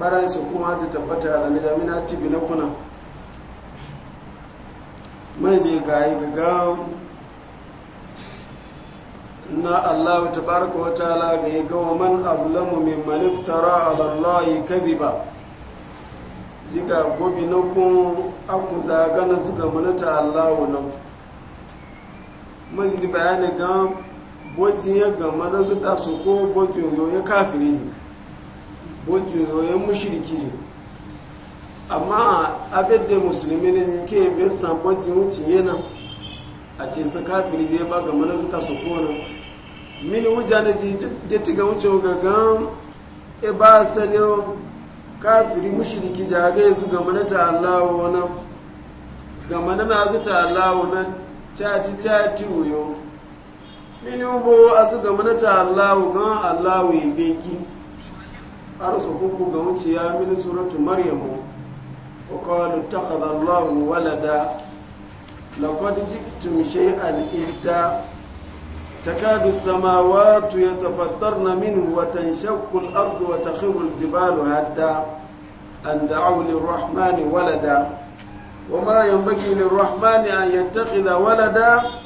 baran su kuma ta tabbata da na jamina tibi na kuna mai zai yi gaga na allahu tabaraka wa ta'ala ga yi gawa man azlamu min malif tara ala allahi kadhiba zika gobi na kun aku zaga na suka manata allahu nan mai zai bayani ga bojin ya gama na su ta su ko bojin yau ya kafiri wajen yoyin mushiriki ne amma abin da musulmi ne ke bin sabon jimuci yana a ce su kafiri zai ba ga mana zuta su kona mini wuja na ji da ga wuce gagan e ba sani kafiri mushiriki ja ga yanzu ga mana ta allahu wani ga mana na zuta allahu na caci caci wuyo mini ubo a su ga mana ta allahu gan allahu ya beki arzukuku ga wuciya mini suratu maryamu wa qalu takhadha allahu walada laqad ji'tum shay'an idda takadu samawati yatafattarna minhu wa tanshaqqu al-ardu wa takhiru al-jibalu hadda an da'u lirrahmani walada wa ma yanbaghi lirrahmani an yattakhidha walada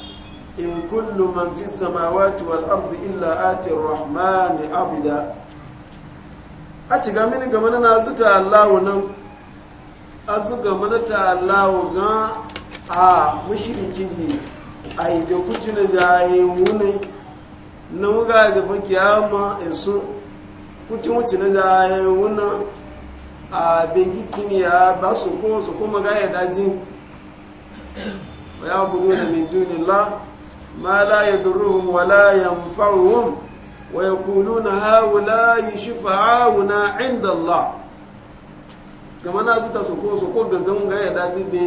in kullu man fi samawati wal ardi illa ati ar-rahmani abida a ci gami ni gama na su ta allahu nan a su gama na ta allahu gan a mushiriki ji a yi da kuci na jaye wuni na muga da fa kiyama esu kuci wuci na jaye wuni a begi kini ya ba su ko su kuma ga ya dajin ya buru da min la. ma la yadurruhum wa la yanfa'uhum Wa هؤلاء شفعاؤنا عند الله kama na zuta su ko su ko gangan ga ya daji be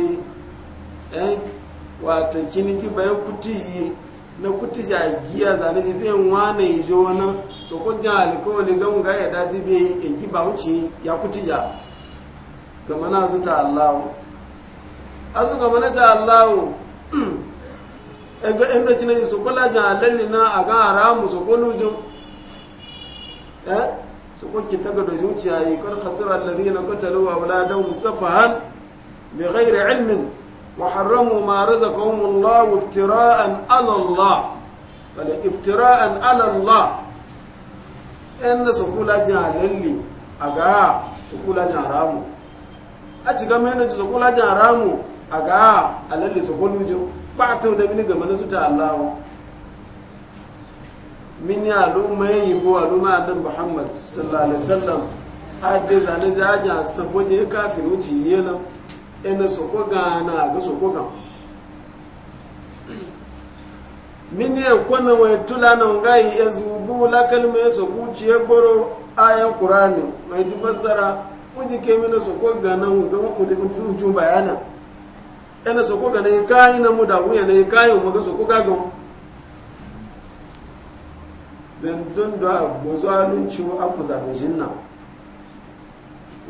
soko wato kiniki ya kutiji na kutiji a giya zane ji biyan wane ijo wana so ko jan alkawali gan ga ya daji be en ki wuce ya kutija kama na zuta Allah azu kama na ta Allah ega embe cinaji so ko la jan alalli na aga haramu so ko Eh? su kwanke taga da zuciya yi kar khasira alladhina qatalu musafahan safahan bighairi ilmin wa harramu ma razaqahum Allah iftira'an alallah wadda wala iftira'an ala Allah in su kula a aga su kula jaramu a ci game da su kula haramu aga alalli su kulujo ba ta da mini game na su ta Allah min ya al'umma ya yi ko al'umma adam muhammad sallallahu alaihi wasallam har dai zane jaja saboda ya kafin wuce yi ina soko gana ga soko gan min ya kwana wai tula na nan yi ya zubu la kalma ya soko ci ya goro ayan qur'ani mai ji fassara wuce ke mina soko gana ga mu ji bayana ina soko gana ya kai na mu da wuya na ya kai mu ga soko gagan zandun da gwazaluncin aku zaɓe jinna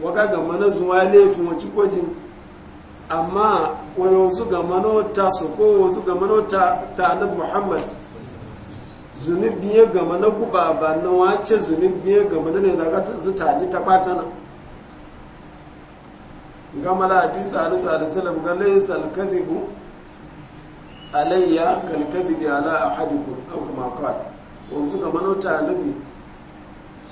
waka ga mana zuwa laifin wacce kojin amma wayozu gama na ta su ko wazu ga na ta ta na muhammad zunubi ya ga mana guba ba na wace zunubi ya ga mana ne zaga su tali ta bata na gama la hadisa alisa alisalam ga laisa alkadibu alayya kalkadibi ala ahadikum au kama kwada wanzu ga manota annabi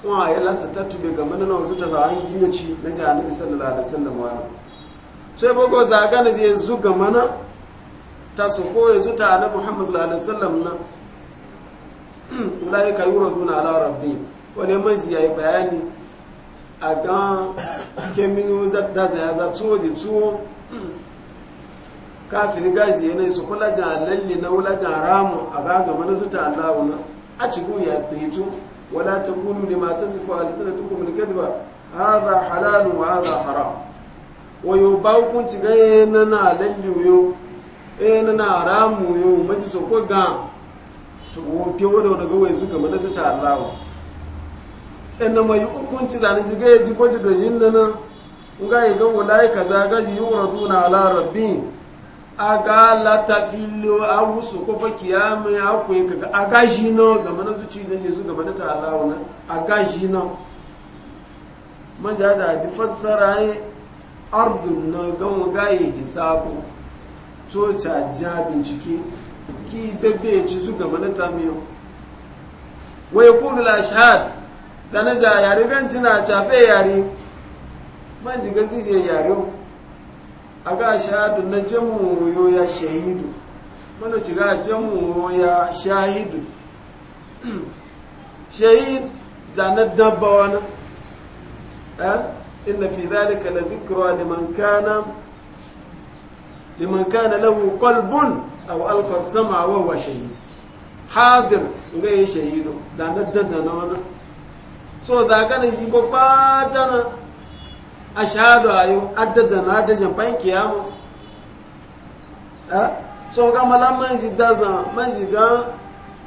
kuma ya lasa tattube ga manana wanzu ta zawa an gina ci na ji annabi sallallahu alaihi wasallam wani sai bago zaga na zai zu ga mana ta su ko ya ta annabi muhammad sallallahu alaihi wasallam na kai ka yuraduna ala rabbi wani ya yi bayani a gan kemini da zaya za tuwo da tuwo kafin gaji yanayi su kula jan lalle na wula jan ramu a gaga mana zuta allahu na a cikin ya taito wala ta kunu da mata su fa'ali suna tukun mulkadi ba haza halalu wa haza haram wayo ba hukunci ga yana na lalliyo yana na haramu yo maji so ko ga to ke wada wada su waisu ga su ta allahu ina mai hukunci zane shi ga ya ji da jin nana ga ga wala ya kaza gaji yi wa raduna ala rabbin aga lata filo a wusu kofa kiyama ya kwaye kaga a shi no gama na zuci na ne su gama na ta'alawa na aga shi no majaja ji fassara yi ardun na gama gaye hisabu to ca ja bincike ki bebe ci su gama na tamiyo wai kudu la shahad zane ja yare ganci na cafe yare man shiga su yare aga shahadu na jamu ya shahidu mana ci ga jamu ya shahidu shahid zana dabba wani eh inna fi zalika la dhikra liman kana liman kana lahu qalbun aw alqa as-sam'a wa huwa shahid hadir ga ya shahidu zanen dadda na wani so zaga ne shi babba tana a shahadu a yi adada na adajan bayan kiyama a eh? so ga mala manji daza manji man gan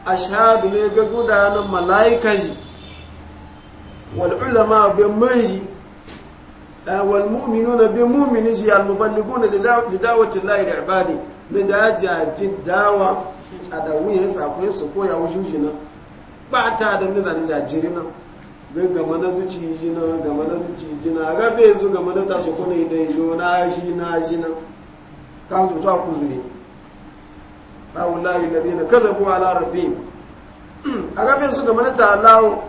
a shahadu ne ga guda na mala'ika ji wal ulama bi manji ji eh, wal mu'minuna bi mu'mini ji almubanni guna da dawatin layi da ibadi na ja ja ji dawa a da wuya sa su koya wujuji na ba ta da ne da ne ga gama na zuci jina gama na zuci jina ga be zu gama na tasu kuna ida jo na shi na shi na kan su ta ku zuri awullahi alladhina kadhabu ala rabbihim aga be su gama na ta Allah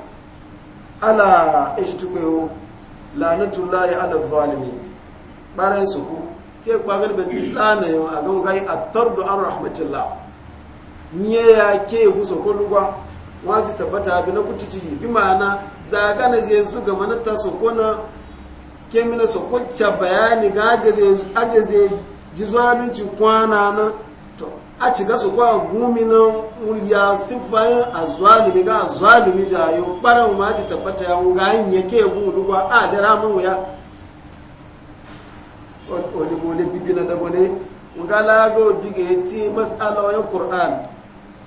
ala ishtuqu layi ala zalimi baran su ku ke kwagar ban tsana yau a gangayi a tardu an rahmatillah niye ya ke gusa kulluwa waji tabbata abin na kutuci bi ma'ana zaga na je su ga manata su kona ke mina su kwacce bayani ga aje zai ji zuwa abinci kwana na to a ci ga su kwa gumi na murya sifayin a zalimi ga zalimi jayo ɓaran ma ji tabbata ya wuga an yake gudu kwa a da ramin wuya wani bibi na da bole wugala ga obi ga yi ti masala wani kur'an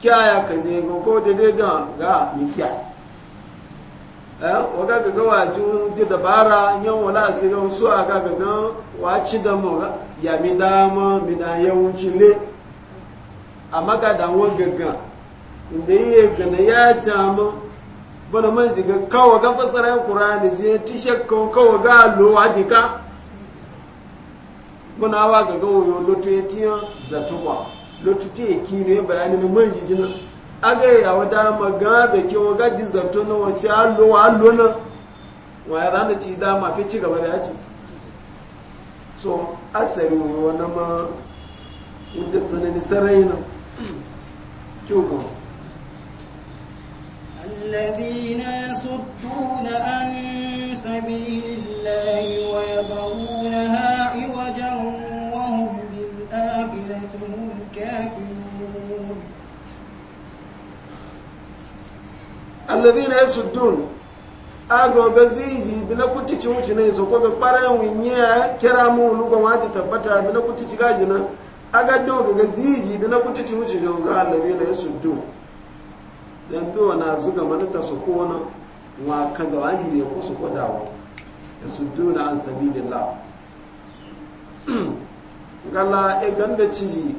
kyaya ka je go ko da dai ga ga eh waga ga ga waju ji dabara yan wala asirin su aga ga ga waci da mu ya mi dama mi da yawanci le amma ga da won gaga inda yi ga na ya jama bana man ziga kawo ga fasara qur'ani je tishakka kawo ga lo abika bana wa ga ga yo lotu yatiya zatuwa lotuti ya kino ya bayani na man jijin aga ya wada maga da ke waga ji zarto na wace allo wa allo na wa ya zana ci da ma fi ci gaba da yaci so a tsari wani wani ma wadda tsanani sarai na kyogo الذين يصدون عن سبيل الله ويبغون alladhina yasuddun ago gazihi bina kutici wuce ne so ko be para winya kira mu lugo waje tabbata bina kutici gaji na aga do gazihi bina kutici wuce ga ga alladhina yasuddun dan do na zuga manata so ko wana wa kaza wani ne ko su kodawa yasudduna an sabilillah gala e ganda ciji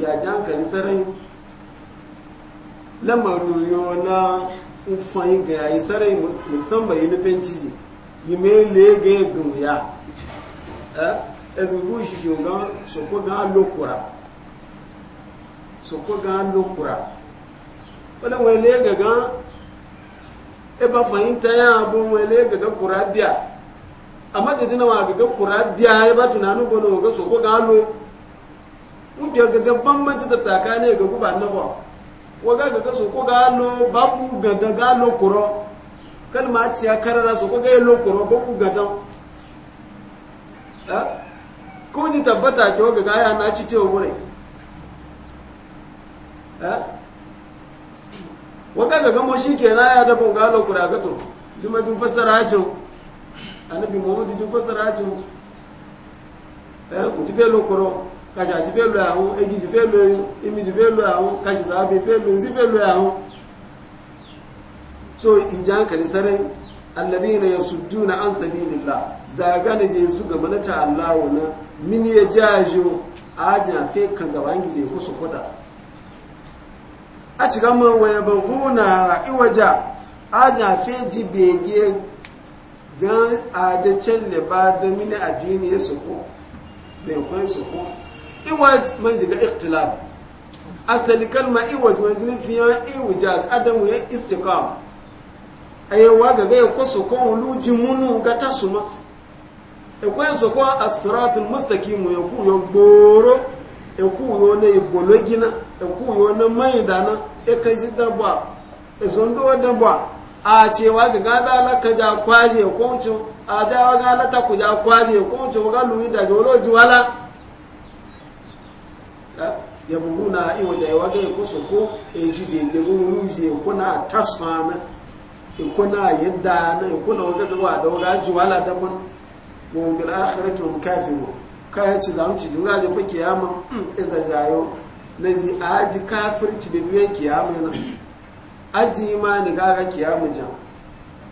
ya jankali sarai lamaru yona. ufanyi ga yayi sarai musamman yi nufin ciji yi mele ga ya gumya ezugbo eh, shi shogan soko ga lokura soko ga lokura wadda wale ga ga e eba fahimta ya abu wale ga kura biya amma da jina wa ga kura biya ya ba tunanin gwada ga soko ga lo mutu ga ga bambanci da tsakanin ga guba na waga gaga so ko galo babu gaga galo kuro kalma tiya karara so ko ga lo kuro ko ku gadan eh ko ji tabbata ke waga ga ya na ci tewo gure eh waga gaga mo shi kenan ya da bon galo kura ga to zuma tun fassara hajin annabi muhammadu tun fassara hajin eh ku ti fe lo kuro kashi ati fẹ́ lo àwọn egiji fẹ́ lo imiji fẹ́ lo àwọn kashi sàábẹ̀ fẹ́ lo nzi fẹ́ lo àwọn so ìjà ń kàlí sẹ́rẹ́ alladhina yasudduna an sabilillah zaga ne je su gaba na ta Allah wani min ya jajo aja fe kan zaban gije ku su kuda a cikin man waya ba kuna iwaja aja fe ji bege gan adacin da ba da mini addini ya su ko da ya kwan su ko iwaj man jiga ikhtilaf asali kalma iwaj man jini fiya iwajad adamu ya istiqam ayewa ga ga ko so ko luji munu ga tasuma e ko so ko as-siratul mustaqim ya ku yo gboro e ku yo ne bologina e ku yo ne maidana e kan shi dabwa e zondo dabwa a cewa ga gada la ka ja kwaje ko a da ga la ta ku ja kwaje ko ga luyi da ji wala yabuguna iwaja iwaga ikusuku ejibenge buluze kuna tasmana kuna yadana ikuna wagaga wada wagaji wala da mun mun bil akhirati hum kafiru kaya ci zamu ci dunga da fa kiyama iza jayo a aji kafirci da biyan kiyama na aji imani gaga kiyama ja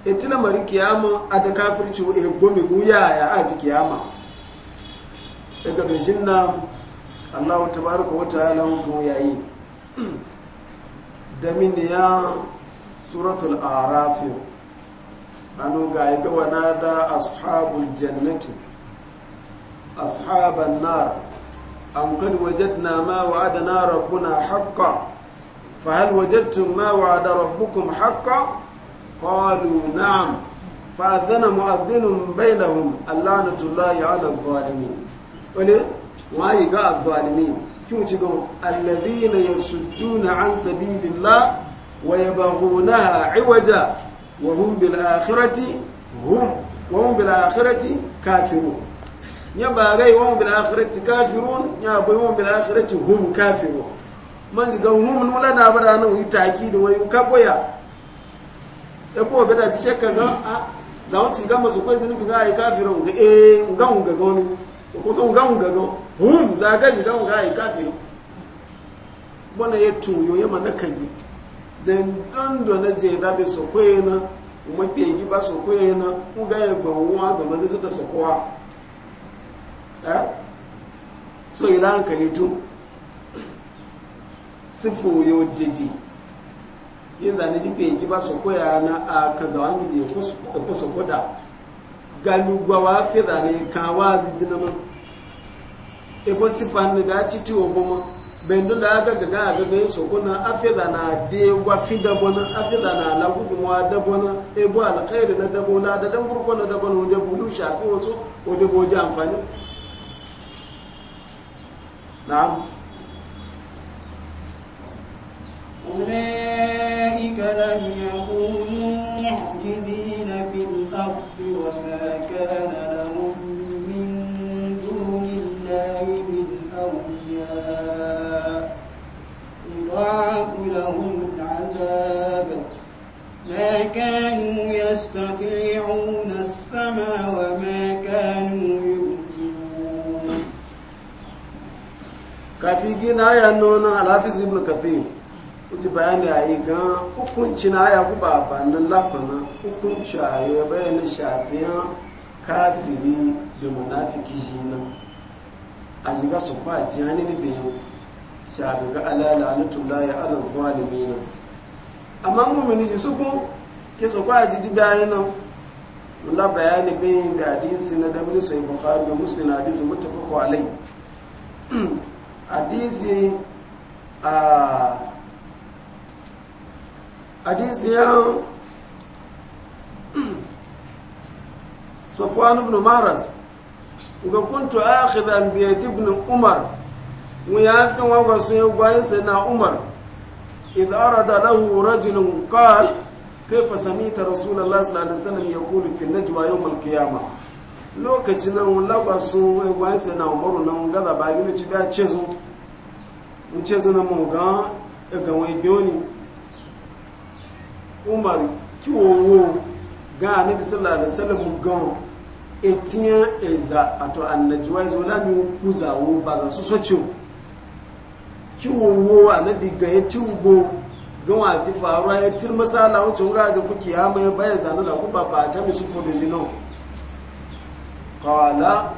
etina mari kiyama ada kafirci e gomi guyaya aji kiyama daga ji nan allahu tabaraka wa ta'ala ko yayi da min ya suratul a'raf anu ga ga wana da ashabul jannati ashaban nar am kan wajadna ma wa'adana rabbuna haqqa fa hal wajadtum ma wa'ada rabbukum haka qalu na'am fa adhana mu'adhdhinun bainahum allanatullahi 'ala adh-dhalimin wayi ga alfalimi kin ci gon alladhina yasudduna an sabilillah wa yabghunaha iwaja wa hum bil akhirati hum wa hum bil akhirati kafirun ya ba gai wa hum bil akhirati kafirun ya ba hum bil akhirati hum kafirun man ji ga hum nula da bada nan yi taki da wayu kafoya e ko bada ji shakka ga a za ci ga masu kwai zunufi ga ai kafirun ga eh ga mun ga gonu ko ko ga ga gonu hum zagaji don ga yi kafin ya tuyo ya mana kaji zan dondo na je da be so kwena kuma be gi ba so kwena ku ga ya ba wa da ba su ta so kwa eh so ila hankali tu sifu yo didi yin zane ji be gi ba so kwaya na a kaza wangi je ko so koda galugwa wa fi zane kawazi jinama ebo sifan ne da ci tiwo bomo bendo da ga ga ga ga ne so kuna afida na de gwa fida bona afida na la gudu mo da bona ebo al khair na da bona da dan gurko na da bona wanda bulu shafi wato wanda boje amfani na'am يضاعف لهم العذاب ما كانوا يستطيعون السمع وما كانوا يبصرون كافي جدا يا نونا الحافظ ابن كثير Uti bayani ayi gan hukunci na ya kuba ba na lakwana hukunci a ya bayani shafiyan kafiri da munafiki shi nan a shiga su kwa jihani ni bayan shaɗu ga alala na tula ya ala zalimi nan amma mummuni ji su kun ke su kwa jiji bayan nan mula bayani bayin da hadisi na dabini sai bukhari da muslim hadisi muttafaqu kwalai. hadisi a hadisi ya safwan ibn maras, ga kuntu a akhidhan bi ibn umar mu ya fi wagon sun yi bayan sai na umar idan da lahu rajulun qal ta samita rasulullahi sallallahu alaihi wasallam yaqulu fi najwa yawm al-qiyamah lokacin nan wala laba su bayan sai na umar nan gaza ba gina ci ba cezu mun cezu na mu ga ga wai bioni umar kiwowo ga nabi sallallahu alaihi wasallam ga etiyan eza ato annajwa zo la mi kuzawo ba za su so ciwo kiwowo a na diga ya ci tubo gawa ji faruwa ya tir masala wuce wuga da kuke ya mai baya zane da kuma ba a can ta sufo da jino kawala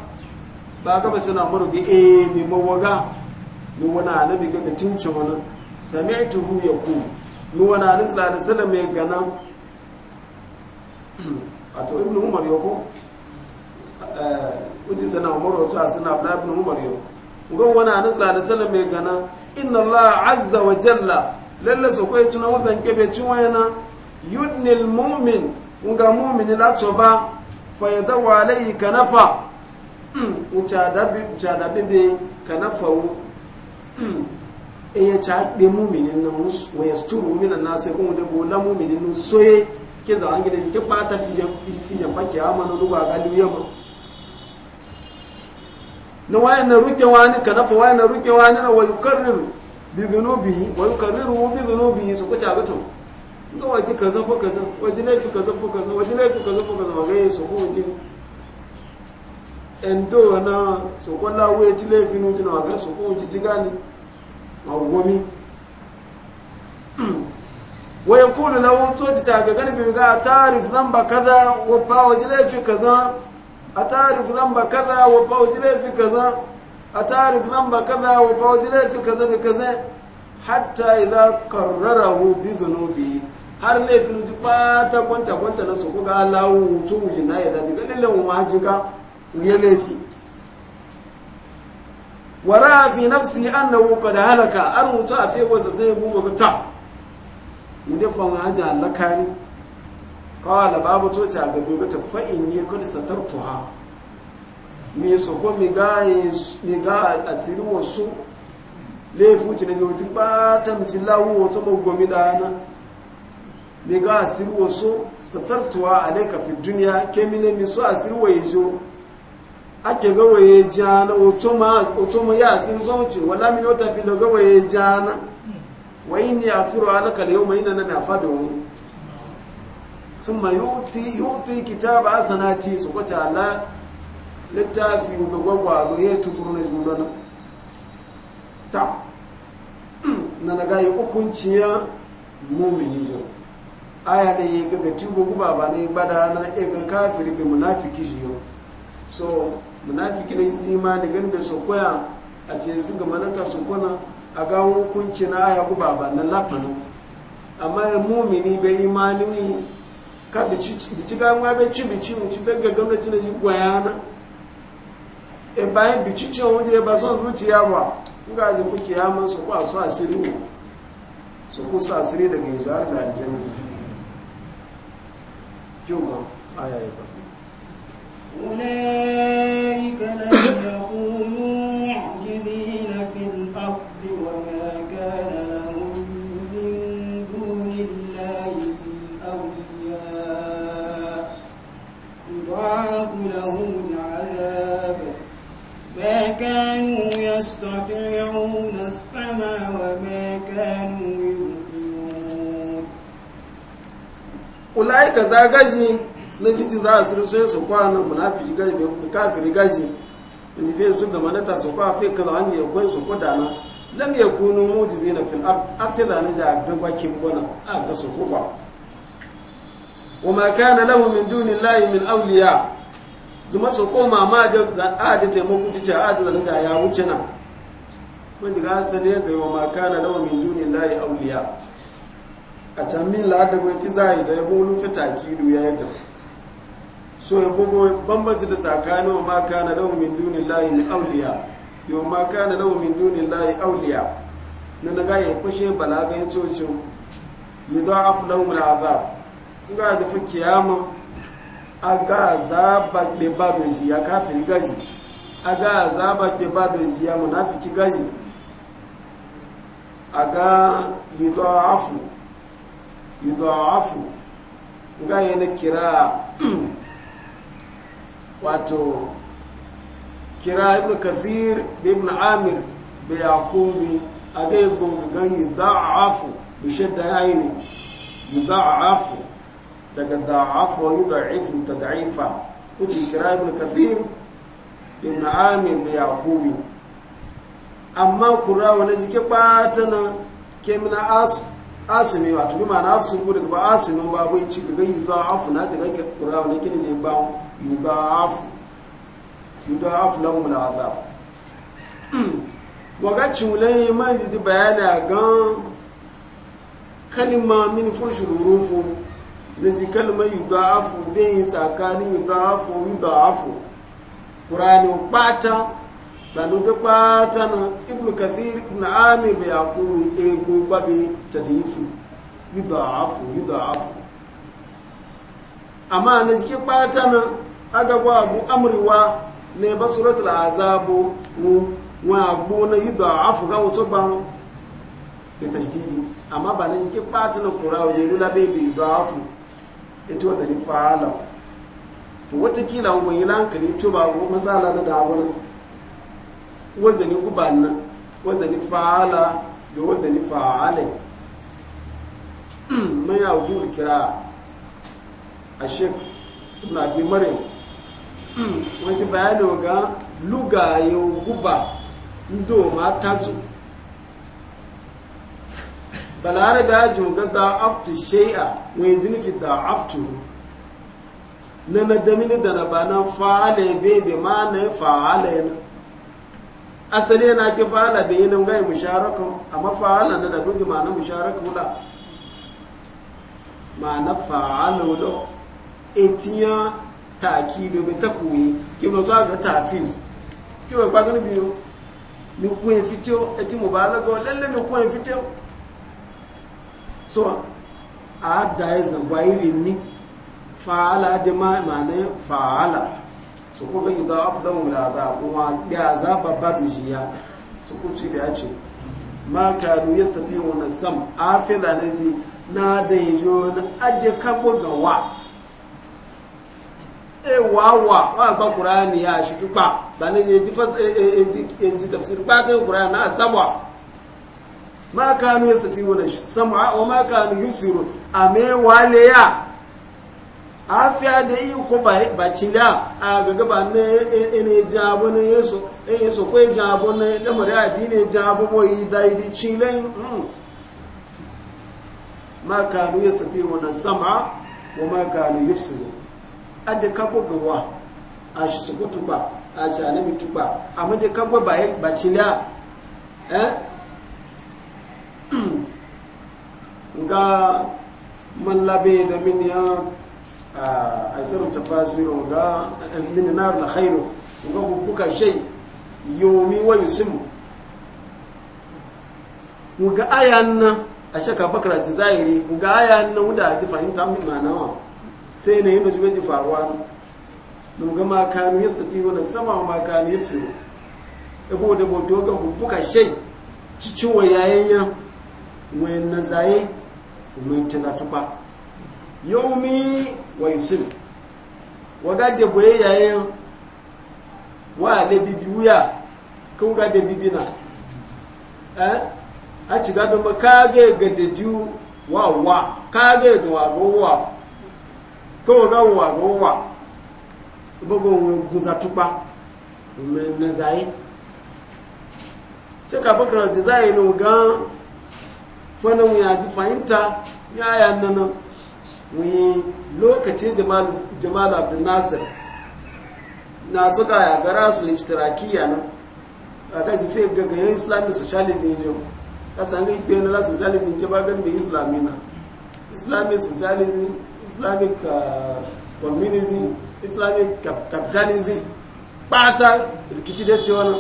ba gaba suna murugi eh, e mai mawaga ni wani na diga da tinci wani sami'tu tuhu ya ku ni wani na tsira da wasallam mai gana a to ibn umar ya ku eh, uji sana umar wato a sana abla ibn umar ya ku ko wani anabi sallallahu da wasallam mai gana inna Allah azza wa jalla lalle so ko na wazan kebe wayana yudnil mu'min unga mu'min la toba fa yadaw alayhi kanafa uchadabi dabbi be kanafa u eye cha be mu'minin na mus wa yasturu min an-nas ko de bo la mu'minin soye ke za an gida ke pata fijan fijan ba ke amana duba ga duniya ma na wayan na ruke wani kanafa waye na ruke wani na wayu karriru bi zunubi wayu karriru bi zunubi su kuta gato ga waje kaza ko kaza waje laifi kaza ko kaza waje laifi kaza ko kaza magaye su ko waje endo na su ko lawe ti laifi nu ti na magaye su ko waje jigani ma gomi ويقول له توتي تاغا غنبي غا تعرف ذنب كذا وبا وجلي في kaza. atarif zamba kaza wa fauji laifi kaza atarif zamba kaza wa fauji laifi kaza da kaza hatta idza qarrarahu bi dhunubi har laifin ji bata kwanta kwanta na su kuga Allahu mutum ji na yadda ji galle mu mahajika ya laifi wara fi nafsi annahu qad halaka an mutu a fe wasa sai mu ga ta mu da fa haja halaka ne Kawai babu coci a gabi wata fa'in ne kada satar tuha mai soko mai ga asirin wasu laifin ci na jami'in ba ta mace lawo wata magomi da hana mai ga asirin wasu satar tuha a laika fi duniya kemile mai so asirin waye jo ake gawaye waye jana oto ma ya asirin zonci wala mini wata fi da ga waye jana wa yi ne a furo alaka da yau mai na na na wani sun ma ba yuti kitaba asanati su kwace ala littafi ga gwagwaro ya tukuru na juna ta na na ya hukunciya mumini jo aya da yi gaga tubo guba ba ne bada na ga kafiri bai munafiki shi yau so munafiki na yi ma da gani da sokoya a ce su ga mananta sokona a ga hukunci na aya guba ba na latanin amma ya mumini bai imani ka bici ga nwa be ci bici mu ci ga na ji gwayana e bayan bici ce wanda ya ba son zuciya ba in ga zafi kiyaman su ba su asiri mu su ku su asiri daga yanzu da aljanna kyau aya ya ba ulaika za gaji na fiti za a siri sai su kwa na munafiki gaji bai kafiri gaji da jife su ga manata su kwa fi kaza wani ya kwai su kuda na lam ya kunu mujizi na fil afila na ja ga gwaki gona a ga su kuba wa ma kana lahu min duni layi min auliya zuma su koma ma da a da taimako ci a da na ja ya wuce na mun jira sane ga wa ma kana lahu min duni llahi awliya a can min la'adagwai ti yi da ya bolu fita kidu ya gaba so ya bugo bambanci da tsakanin wa maka na lahu min dunin layi min auliya wa maka na lahu min dunin layi auliya na na gaya kushe balaga ya coci yi a afu lahu mul azab in ga zafi kiyama a ga zaba ɗe babin shi ya kafin gaji a ga zaba ɗe babin shi ya munafiki gaji a ga yi a afu yudha'afu ga yana kira wato kira ibn kathir da ibn amir da yakubi a ga yudha'afu bi shadda ayni yudha'afu daga dhaafu wa yudha'ifu tad'ifa uti kira ibn kathir ibn amir bi yakubi amma kurawa wani jike patana na kemina asu asini wato bi ma'ana afsun ku daga ba asinu ba bai ci daga yudha'afu na daga kurawa na kini je ba yudha'afu yudha'afu lahum al'azab wa ga cimulai man ji bayana gan kalima min fushi rurufu na ji kalima yudha'afu bin tsakanin yudha'afu yudha'afu kurani bata banuga kpata na ibnu kathir ibnu amir bai akuru ego babe tadifu yudhaafu yudhaafu amma na jike kpata na aga gwa abu amriwa ne ba suratul azabu mu abu na yudhaafu ga wato ba ya tajdidi amma ba na jike kpata na kurawa yayi lula bebe yudhaafu ita wazani fa'ala to wata kila wani lankali to ba masala na da wani wazani gubanna wazani fa'ala da wazani faale mun ya wujul kira a shek ibn abi maryam wani bayani ga lugayo guba ndo ma tazu balare da yaji ga da aftu shay'a wani jinifi da aftu na na damini da na bana faale bebe ma na faale na asali yana ke fa'ala bai yin gai musharaka amma fa'ala na da bugi ma'ana musharaka wula ma'ana fa'ala wula etiya taki domin ta koyi kibla to ga tafiz kiwa ba ni biyo mi kuwa fito eti mubalaga lalle mi kuwa fito so a da ya zagwa irin ni fa'ala da ma'ana fa'ala su ko ga idan afdahum la za kuma ya za babba dujiya su ko ci da ce ma ka kanu wani sam afila nazi na da yi yijo na adde kabo ga wa e wa wa wa ba qur'ani ya shi tupa ba ne ji fas e, e, e, e ji tafsir ba yi qur'ani na asabwa ma ka kanu yastati'una sam'a wa ma ka kanu a me wale ya afiya e, e, e, da yi ko ba cila a gaga na ene jabo na yeso en yeso ko jabo na lamari adini jabo bo yi daidi cile mm. ma kanu yastati wa sama wa ma kanu yufsidu adda kabo gawa a shi su kutuba a shi anabi tuba amma da kabo ba ba cila eh ga man labe da min aisarun tafasiru ga mininar na khairu ga buka shai yomi wa yusimu ga ayan nan a shaka bakar ji zahiri ga ayan na wuda ji fahimta ma'anawa sai na yi da shi faruwa na ga makanu ya stati wani sama wa makanu ya su ebo da boto ga buka shai cikin wa yayin yan wayan na zaye wani ta zatuba yomi wa yusuf waga da boye yayin wa le bibi wuya kun ga da bibi na eh a ci ga ba ka ga ga da ju wa wa ka ga ga wa go wa ko ga wa go wa bugun wa guza tupa mun na zai sai ka bakar da zai no ga fa na mu ya ji fahimta ya ya nan wuyi lokacin jamal abdul nasir na tsuka ya gara su liftirakiya nan a kaji fi gagayen islamic socialism yau katsan ga ikpe na socialism ke bagan da islami na islamic socialism islamic ah, communism islamic capitalism pata rikici da ce wani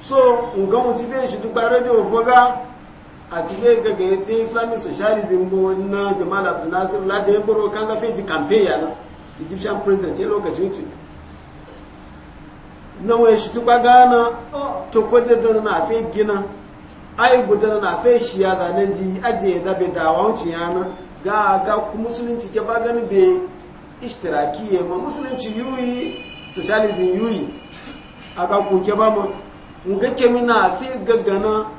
so nga mutu bai shi tukpa radio foga a cikin gaggayyacin islamic socialism bo na jamal abdul nasir lada ya buru kan lafi ji kamfe ya na egyptian president ya lokacin wuce na wani shi tuba gana to kwada da na fe gina ai guda na fe shi ya zane zi ajiye da bai da, wuce ya na ga ga ku musulunci ke ba gani bai ishtiraki ya ma musulunci yuyi socialism yuyi a ga kuke ba mu mu ga kemina fi gaggana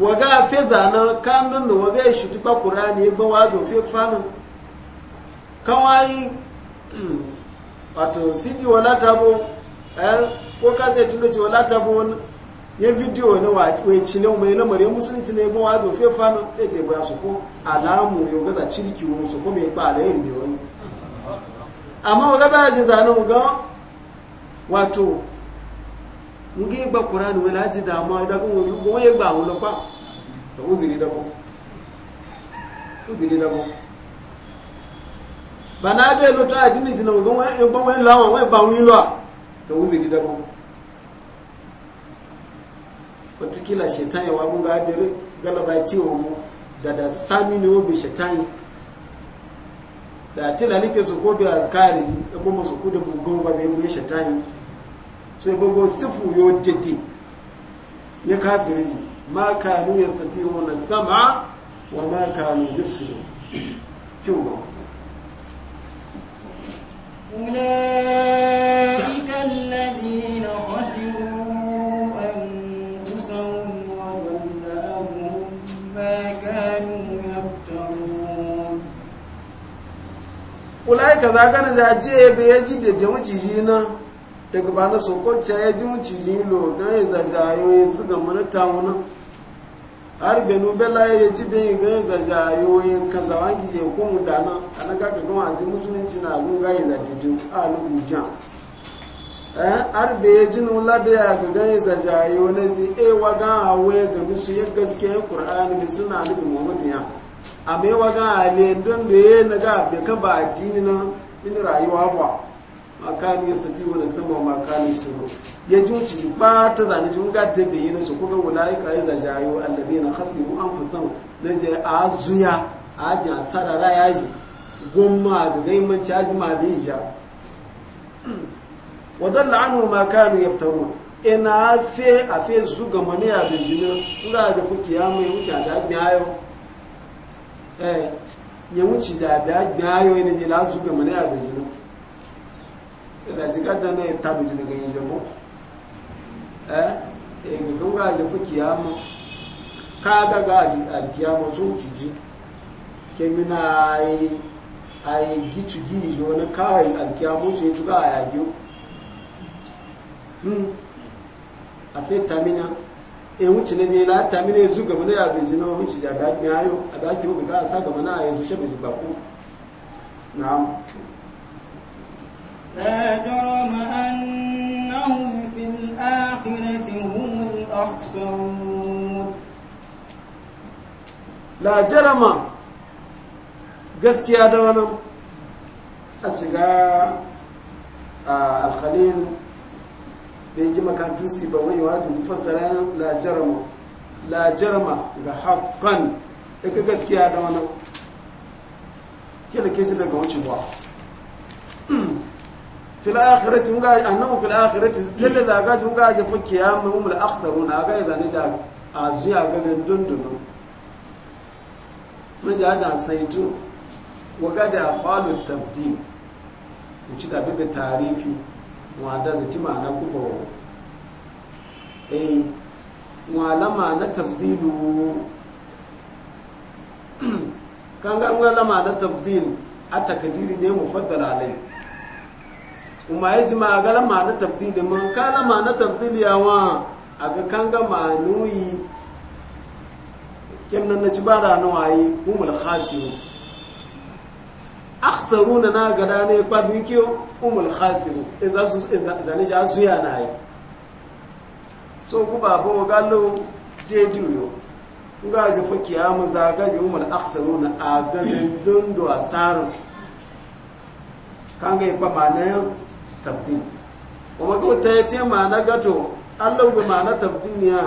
waga feza na kandun da waga shi tuka kurani ya gbawa ga fi fana. kawai hmm, wato cd wala tabo eh, ko kaset da ci wala tabo wani ya video na waci ne mai lamar ya musulunci ne gbawa ga fi fanin fete ba su ko alamu ya gaza cirki wani su ko mai ba da yin biyu amma waga ba ya ce zanen waga wato ngi gba qur'ani wala ji da ma da ko wo ye gba won pa to o ziri da ko o ziri da ko ga lo ta adini zina ngo wo e gba won lawa wo ba won lo to o ziri da ko watakila shetan ya wabu ga dare galaba ciwo mu da da sami ne obi shetan da tila nike su ko azkari da kuma su kudu bugun ba bai mu shetan so gbogbo sífù yóò dèdè ní káfìrí jì máa kàánú ya stati wani sama wa ma máa kàánú yẹsù kí o ulaika أولئك الذين خسروا أنفسهم وضل عنهم ما كانوا da daga ba na sokoci ya ji wuce yilo don ya zajayo su zuga mana tawuna har benu bela ya ji bin ga ya zajayo ya kaza wangi ko mu dana a na kaka gama a ji musulunci na lunga ya zadidin a lugujan eh, har be ya ji nula be ya ga ya zajayo na zi e wa ga awe ga misu ya gaske ya kur'ani da suna nabi muhammadu ya a mai wa ga ale don be na ga be ka ba dini na min rayuwa ba makani ya stati wani sama makani su ya ji wuce ba ta zane ji wuga da bai na su kuma wulai ka yi zajayo allazi na khasimu anfusan na je a zuya a ji asara ra ya ji gomma ga gaiman caji ma bai ja wadalla anu makani yaftaru ina fe a fe zuga mani a bai jini nga da fuki ya mai wuce da gbayo eh ya wuce da gbayo ne je la zuga mani a bai jini da ji kada ne ta bi daga yin jabo eh e ga gauga ji fu kiyama ka ga ga ji alkiyama so ki ji ke mina ai ai gicu gi jo na kai alkiyama ce tuga ya gi hmm a fe tamina e wuce ne dai la tamina yanzu gaba na ya bi jina wuce ja ga gayo a ga ki ga sa gaba na yanzu shabi ba ku na'am لا جرم gaskiya da wani a ciga alkhalil da yi makantun si ba wani wajen jarama la jarama ga hakan daga gaskiya da wani kila ke shi daga wucewa fil akhirati mun ga annahu fil akhirati lalle da ga mun ga ya fa kiyama mun al-akhsaruna ga idan ne ja a zuya ga dan dundun mun ja da saitu wa ga da falu tabdim mun ci da bibi tarifi wanda zai ti ma'ana kuba wa eh malama na tabdilu kan ga malama na tabdil a takdiri je mu mufaddal alayhi kuma e ya jima a lama ma'ana tabdili ma ka lama ma'ana tabdili wa a ga kan ga kyan nan na ci ba da na yi umul khasiru akhsaruna na gada ne kwa duke umul khasiru iza su zane ja su ya na yi so ku ba bo gallo je duyo nga je fa kiyamu za ga je umul na a ga dundu dondo asaru kan ga ba ma na tabdil kuma ko ta ce ma na gato an bi ma na tabdiliya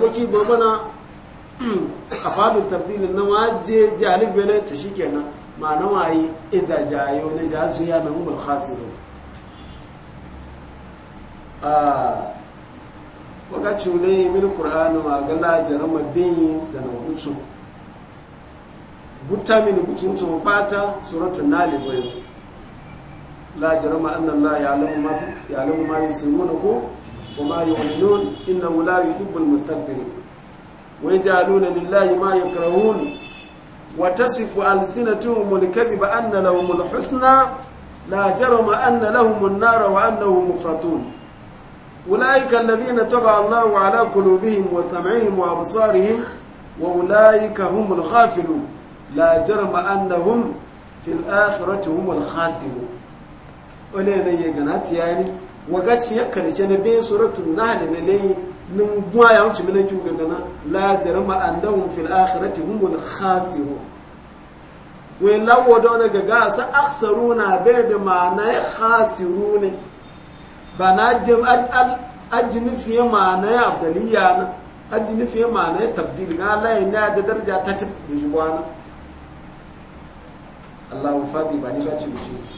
ko ki bo na a fadin tabdilin na je jalib bele to kenan ma na wayi iza jayo ja su ya na umar khasiru a waka wule min qur'anu ma ga la jarama bin da na wucu buta min gutun so bata suratul لا جرم أن الله يعلم ما في يعلم ما يسمونه وما يعلنون إنه لا يحب المستكبرين ويجعلون لله ما يكرهون وتصف ألسنتهم الكذب أن لهم الحسنى لا جرم أن لهم النار وأنهم مفرطون أولئك الذين تبع الله على قلوبهم وسمعهم وأبصارهم وأولئك هم الغافلون لا جرم أنهم في الآخرة هم الخاسرون wani ne ya gana tiya ne wagaci ya karshe na bayan suratul nahl na layi nin buwa ya wuce mina kin gana la jarama annahum fil akhirati humul khasiru wai lawo da wani ga sa aksaruna bai da ma ya khasiru ne ba al dim fi ma na abdaliya na fi ma na tabdil ga la ina da daraja ta tafi da jiwa na Allah mu faɗi ba ni ba ci ci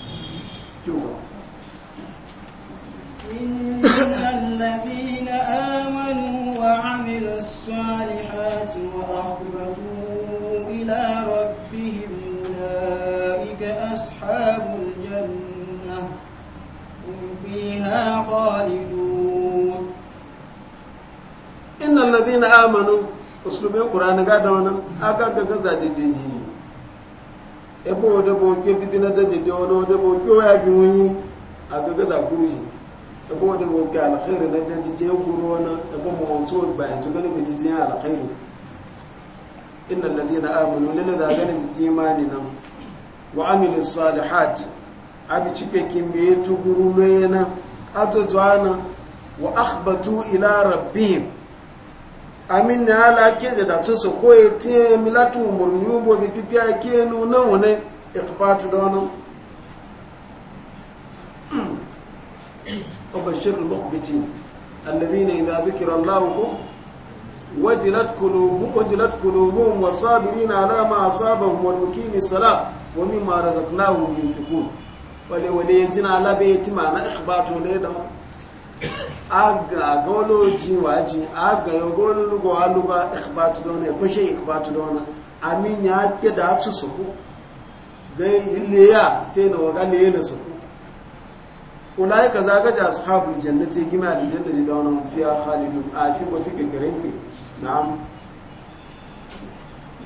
إن الذين آمنوا وعملوا الصالحات وأخبتوا إلى ربهم أولئك أصحاب الجنة هم فيها خالدون إن الذين آمنوا أسلوب القرآن قادونا أقاقا قزادي ديجي ebe odebo ke bibi na da odebo ke waya bi wani a gaga ebe odebo ke na da jeje ya kuro wani ebe mawanto bayan gani ga jeje ya alkhairi inna lalzina amanu lalle da gani su je nan wa amilin salihat abi cikakken bai tuguru na yana atotuwa na wa akhbatu ila rabbihim amin ne ala ke ga dace ko koyi ti milatu umbur ni umbur bi ti ta ke nu nan wone ikfatu da wannan obashir al-mukhbiti alladhina idha dhukira allahu wajilat qulubu wajilat qulubu wa sabirina ala ma asabahum wa muqimi salat wa mimma razaqnahum yunfiqun wale wale yajina labe yatima na ikhbatu ne da aga golo ji waji aga yo golo lugo aluba ikhbat dona ko she ikhbat dona amin ya ke da su su ga gai ya sai da waga ne ne su ulai ka zaga ja ashabul jannati gima da janna ji dona fiya khalidun afi wa fi gagarin ki na'am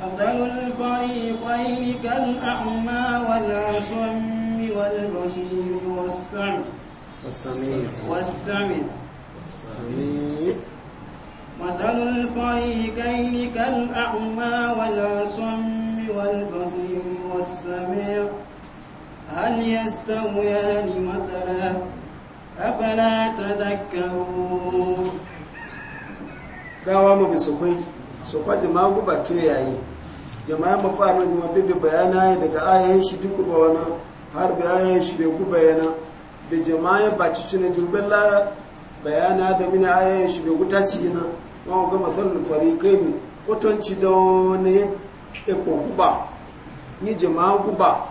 أفضل الفريقين كالأعمى والأصم والبصير والسعد والسميع والسميع السميع مثل الفريقين كالأعمى والأصم والبصير والسميع هل يستويان مثلا أفلا تذكرون gawa mu bi sokoi sokoi jama'a yayi jama'a mafano jama'a bibi bayana daga ayoyin shi duk ba har bayanan shi bai guba bayana. da jama'in ba cikin na dubbala bayana da mini ayayin shi bai wuta ci na ma ga matsalar fari kai ne kwatanci da wani ekpo guba ni jama'a guba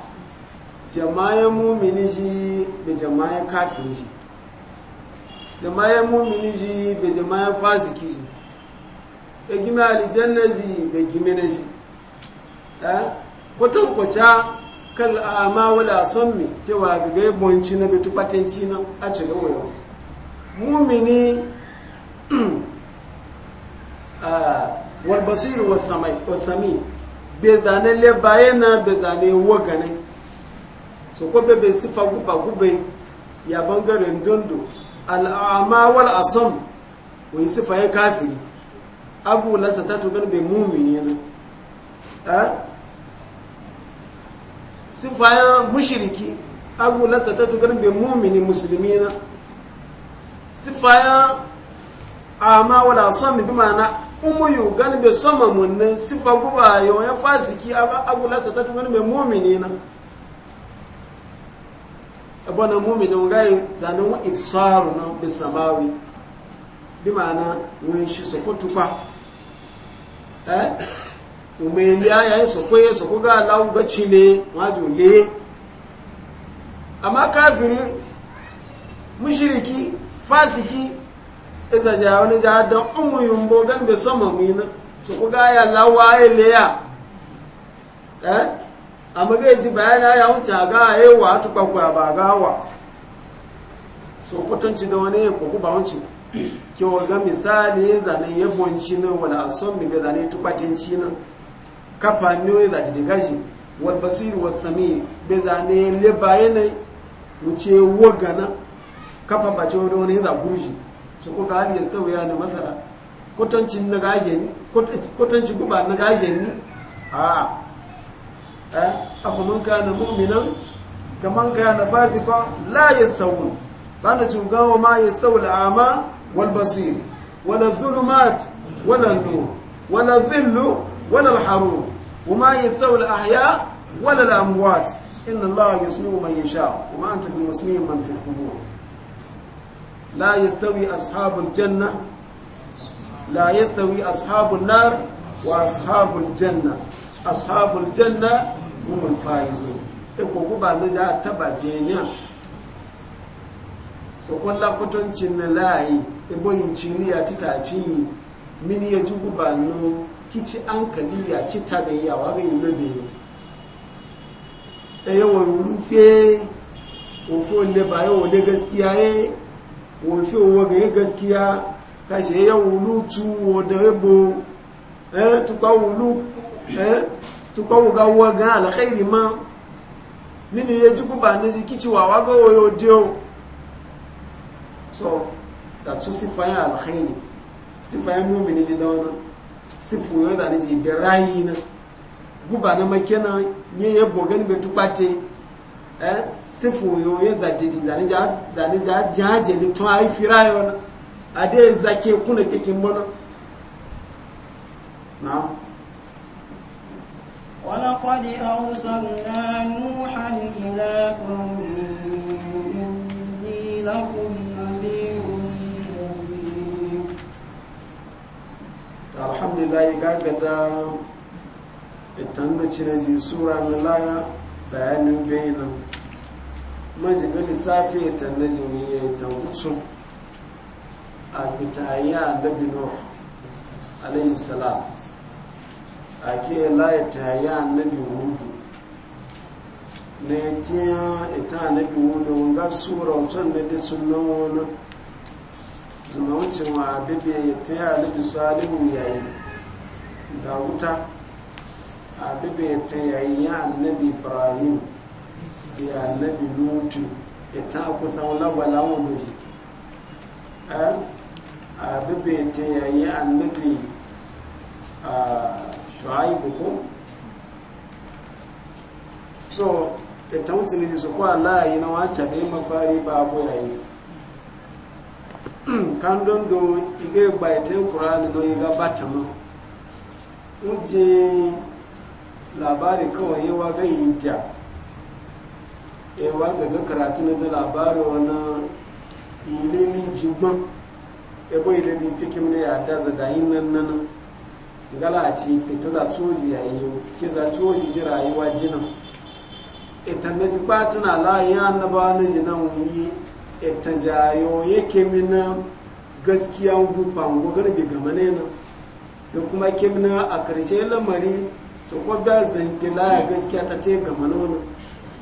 jama'in mumini shi da jama'in kafin shi jama'in mumini shi da jama'in fasiki shi da gime alijanna zi da gime na shi eh? kwatankwaca kal ama wala sammi wa ga gai bonci na bitu patenci na a ce ga wayo mumini ah, wal basir wa samai wa sami be zane le na, be zane gane so ko be be sifa guba be ya bangaren dondo al ama wal asam wa sifa ya kafiri abu lasa ta tugar be mumini ne sifayen mushiriki agulansa ta tukar bai mumini musulmi na sifayen ama wala son bi mana umuyu gani bai soma munne sifa guba yawan fasiki agulansa ta tukar bai mummini na abana mumini gai zanen wa ibsaru na bisamawi bi mana wani shi sokotukwa eh umeli aya ya soko ya soko ga lawu ga cile wajo le amma kafiri mushiriki fasiki isa ja wani ja da umu yumbo gan be soma mina soko ga ya lawa ele ya eh amma ga ji bayan ya wuce ga e wa tukwa ba ga wa so da wani ko ba wuce ke wa ga misali zane yabonci na wala asom mi ga zanen tukwatinci na kafa ne wai zaji daga shi wal basir was sami be zane ne le bayane mu ce wogana kafa ba ce wani wani za gurji su ko ka hali yasta wuya na masara kotancin eh, na gaje ne kotancin guba na gaje ne a eh afaman kana mu'minan kaman kana fasifa la yastawun bana gawo ma yastawi ama wal basir wala dhulumat wala nur wala dhillu wala al-harur وما يستوي الاحياء ولا الاموات ان الله يسمع من يشاء وما انت بمسميع من في القبور لا يستوي اصحاب الجنه لا يستوي اصحاب النار واصحاب الجنه اصحاب الجنه هم الفائزون إكو كوبا نجا تبا جينيا so kwalla kutuncin na layi ibo yi cini ya titaci mini ya ji gubanin kici an kaliya ci tabayya wa ga yilo be e yawa rupe o fo le ba yo le gaskiya e o fi o ga gaskiya ka je ya wulu tu o da ebo eh tu ka wulu eh tu ka ga wa ga alkhairi ma mini ye juku ba ne kici wa wa ga o yo so da tu fa alkhairi sifayan mu'mini da wannan sifu yau da nake ga yi na guba na makena ne ya bogan be tupate eh sifu yau ya zadidi zani za zani ja jaje ni to ai firayo na ade ke kuna kike mbona na'am ولقد أرسلنا نوحا إلى قومه alhamdulillah ga gada itan da cinaji sura na laya bayanin bayanan majiga lissafi ita na jini ya ta wucin a bitayya na bino alayhi salam a ke laye tayya na bihudu na ya tiya ita na bihudu ga sura wacan da da sunan wani suna wucin wa bebe ta yi alibi salihu yayi da wuta a bebe ta yayi ya annabi ibrahim da ya annabi lutu ita kusan wala wa mushi a bebe ta yayi annabi shu'aibu buku so ta wucin ne su kwa la'ayi na wacce da yi mafari ba abu yayi kan do ike ige kura kur'ani don yi gaba tamu uje labari kawai yawa ga yinta yawa ga ga karatu na da labari wani ilimi jigbon ebo ilimi fikim ne ya daza da yi nan nan gala ci fita za coji yi ke za coji yi wa jinan ita na ji batuna layin annaba na jinan yi jayo yake mina gaskiya gufa gogar bi ga manena na da kuma ke mina a karshe lamari su kwabda zantila ya gaskiya ta te ga manona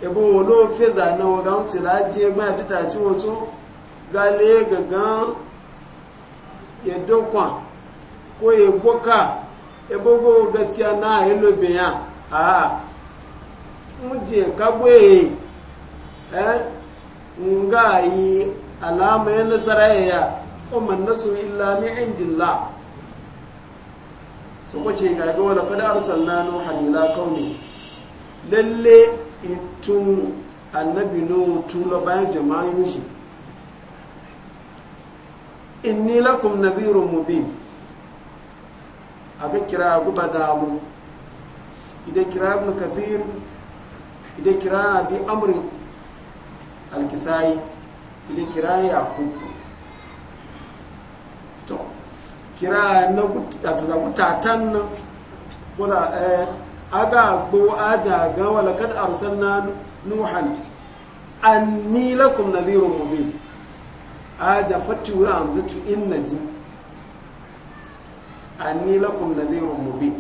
ebo wolo feza na waga mutu laje ma ta taci wato gale gagan ya dokwa ko ya boka ebo go gaskiya na hello biya a muje kagwe eh nga yi alama ya nasara ya umman nasu illa min indillah su kwace ga ga wala kada arsalna nu halila kauni lalle itun annabi nu tula bayan jama'a yushi inni lakum nadhirun mubin aga kira guba damu idan kira ibn kathir idan kira bi amri alkisai ilin kira ya kuku to kira na kuta kutatan nan kuna eh, aga gbo aja ga wala kad arsalna nuhan anni lakum nadhirun mubin aja fatu wa amzatu innaji anni lakum nadhirun mubin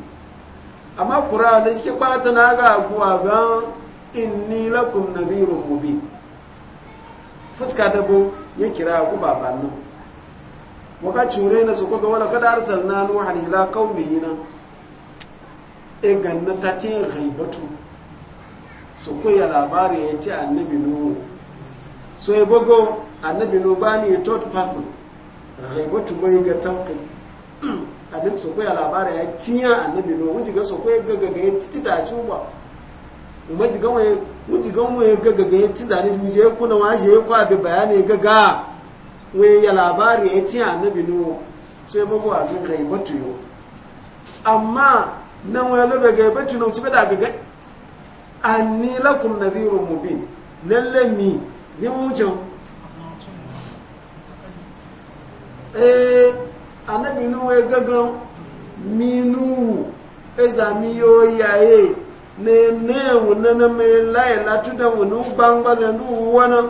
amma kura da shi ke bata na ga gbo ga inni lakum nadhirun mubin fuska dabo ya kira ku babanni waka cure na su kuka wala kada arsalna nuhan ila yi na e ganna ta ghaibatu so ko ya labari ya ti annabi nuhu so e bogo annabi nuhu ba a third person ghaibatu bai ga tanqi annabi su ko ya labari ya tiya annabi nuhu wuce ga su ko ya ga ya tita a ba mujigan wani gagaga ya ci zane shi ya kuna washe ya kwabe bayani gaga wani ya labari ya ci annabi nuwa sai mabu a ga gai batu yau amma nan wani lobe gai batu na wuce da gaga an ni lakum nadhirun mubin lalle ni zai wucin eh annabi nuwa ya gaga minu ezamiyo yi. ne ne wuna na mai laye latu da wunu gbangba zai ndu wana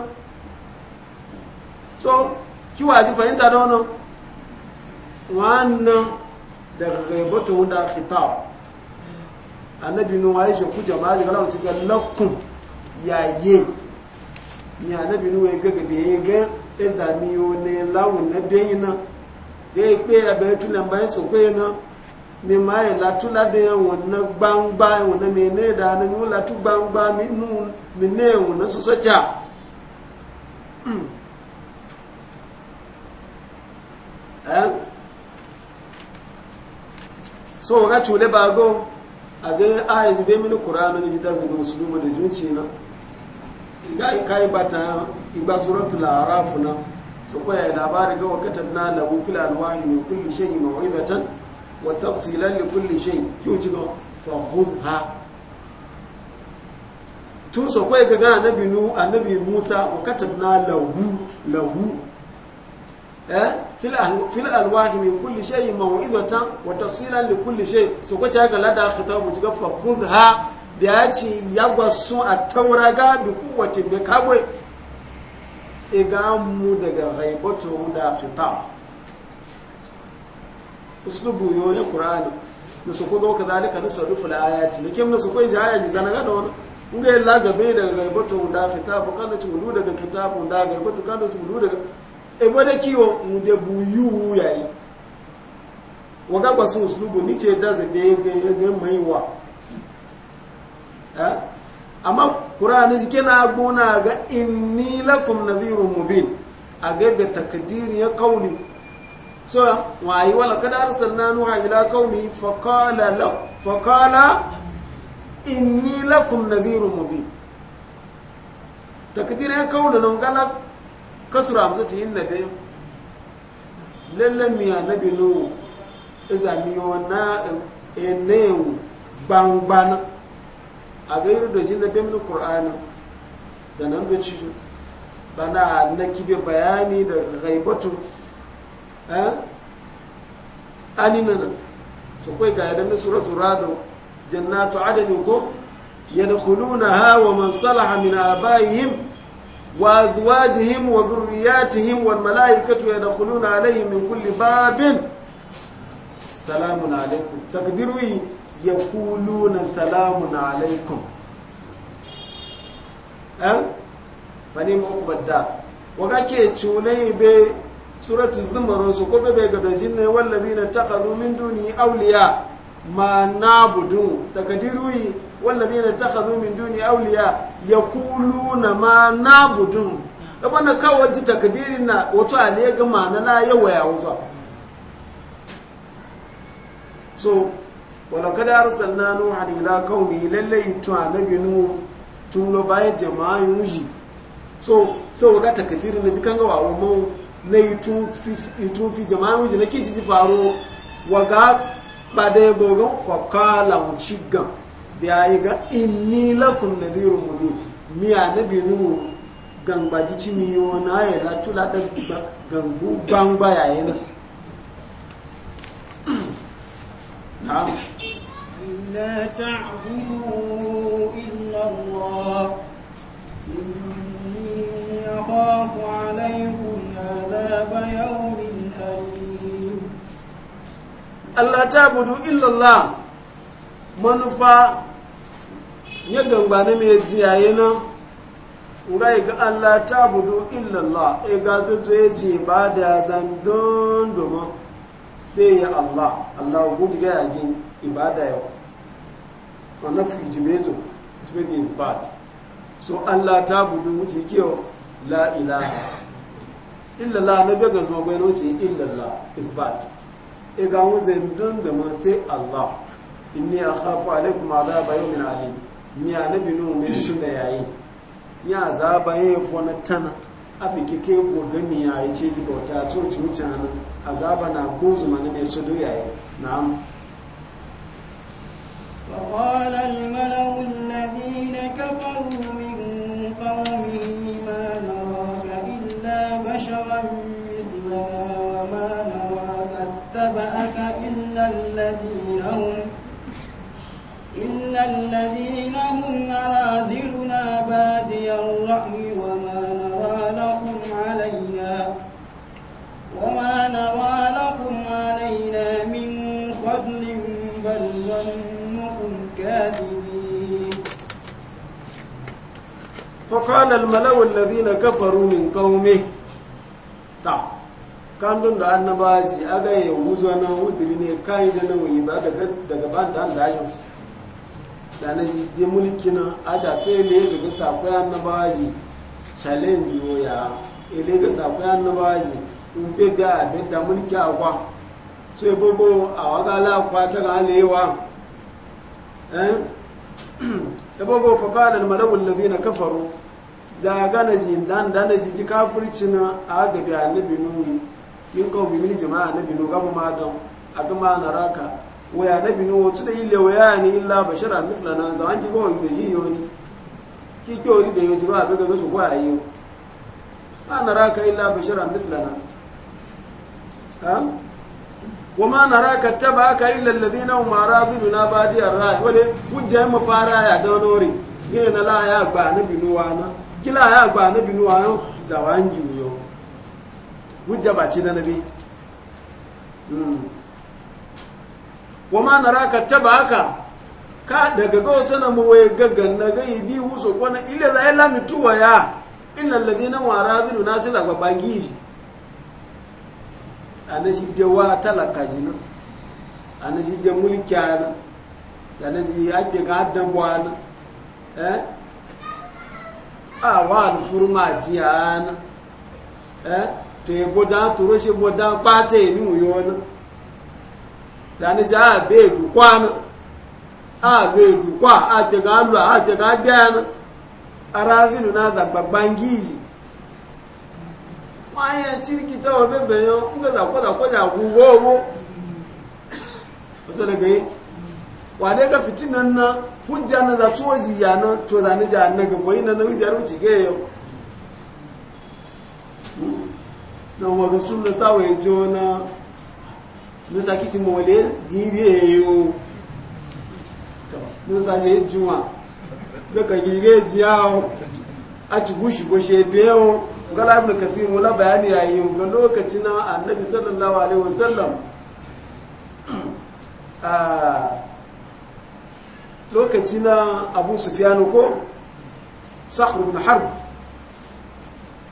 so ki kiwa ji fahimta da wannan wannan daga gaibatu wunda khitab annabi nu wa yashe ku jama'a da lawo tiga lakum yaye ni annabi nu e e ya gaga da ya ga ezami yo ne lawo e na bayina ya pe abetu nan bayan so ko yana mi maa yi latu lade wona gbangba wona mi ne da na mu latu gbangba mi nu mi ne wona soso cha eh so ka t'u le bago a ga ayat be mi qur'an ni jida zin musulma da zunci na ga kai bata igba suratul araf na so ko ya labari ga wakatabna lahu fil alwahi min kulli shay'in tan? wa tafsilan li kulli shay kí o ti tun so ko ga Musa wa katabna lahu lahu eh fil al fil alwahi min wa tafsilan li kulli shay so ga lada khitabu ti ga fa khudha biya ci yagwa sun a taura ga bi e mu daga ghaibatu da khitab uslubu yo ya qur'ani na su kogo ka zalika na su fil ayati ne kim na su koi jaya ji zanaga da wani in ga la da ga gaibatu da kitabu da ci wulu da kitabu da gaibatu kana ci wulu e da e bada kiwo mu da buyu yayi waga ba su uslubu ni ce da zabe ga ga wa? eh amma qur'ani jike na gona ga inni lakum nadhirun mubin a gabe takdiri ya kauli so wayi wala kada arsalna nuha ila qaumi faqala la faqala inni lakum nadhirun mubin takdira kauna nan gala kasura amsa ta na biyu. lallan eh, miya nabi nu izami wana enewu gbangbana. a gairu da jin biyu min qur'ani da nan da ci bana na bayani da ghaibatu Eh? ani nana su kai ga yadda suratul rado jannatu adani ko yadkhulunaha wa man salaha min abaihim wa azwajihim wa dhurriyyatihim wal malaikatu yadkhuluna alayhim min kulli babin salamun alaykum takdiru yaquluna salamun alaykum an eh? fani mu kubadda wa kake cunai be suratu zumar su ko bebe ga dajin ne ta kazu min duni auliya ma na nabudu zina ta kazu min duni kulu na ma budu da wannan kawai ji takadirin na wato ale ga ma'ana na la yawa ya wusa so na arsalna nuha ila lalle lallai to annabi nu tun lo baye jama'a yuji so so ga da jikan kan ga mawu na itun fi jama'in wuce na kici ji faro wa ga ɓada gogon fakala ci gan biya yi ga inni lakun na zirin mubi miya na binu gangbaji cimiyo na ya da ladan gangu gbangba yayi na na'am la ta'budu illa Allah inni akhafu عذاب يوم أليم illallah manufa, إلا الله منفى yagan ba na mai jiyaye nan ngai ga Allah ta budu illallah e ga zuzu ya je ba da zandon domin sai ya Allah Allah gudu ga yakin ibada yau wannan fijibeto jibeto in bad so Allah ta budu wuce kiyo la ilaha illallah na bai gazma bai noci illallah isbat e ga mu zai don da mun sai allah inni akhafu alaikum azaba yawmin ali ni anabi nu mai suna yayi ya azaba yayi na tana abike ke gogami yayi ce ji bauta to cucana azaba na gozuma ne mai su yayi na'am na kafaru min kaume ta kandun da annaba aga ya huzo na wuzuri ne kai da na wuyi ba daga daga ban da an da ajin sanan shi je mulki na aja fele daga sakwai annaba shi challenge yo ya ele ga sakwai annaba shi e in fe ga abin da mulki akwa so e bobo awaga la kwa ta na lewa eh e bobo fa kana al malawu alladhina kafaru zagana ji dan dan ji ji kafirci na a gabi annabi nuhu min ko bi min jama'a annabi nuhu gabu ma don agama na raka waya annabi nuhu su da ille waya ni illa bashara mithlana zaman ki go be ji yoni ki to ri da yoni ba be ga su ko ayo ana raka illa bashara mithlana ha وما نراك اتبعك الا الذين هم راضون بادي الراي ولا وجه مفارا يا دونوري ne yana la ya gba ni binuwa na kila ya gba anabi nuwa yau zawangi yau wujja ba ce na nabi wa ma nara ka ba haka ka daga kawai wata na mu gaggan na gai bi wuso kwana ila za ya lami tuwa ya illa alladhina wa razilu nasila ba bangi na shi wa talaka jina anashi a na shi ake ga addan na eh a ah, wa alfurma jiyana eh to ye boda toro se boda pata ni uyona tani ja be du na a ah, be du kwa a be ga lu a be ga biana arazilu na za babangiji waya ciriki tawa bebe yo nga za kwa za kwa za gugogo wasu daga yi wane ga fitinan na hujja na za ciwo jiya na to za ni jiya na gafo na na hujjar wuce ga yau na waga sun da tsawo ya jo na nusa kici mawale jiri ya o nusa ya yi juma daga gire jiyawo a ci gushi goshe biyu gala ibn kafir mula bayani yi ga lokacin na annabi sallallahu alaihi wasallam lokaci na abu sufiyanu ko sakhru bin harb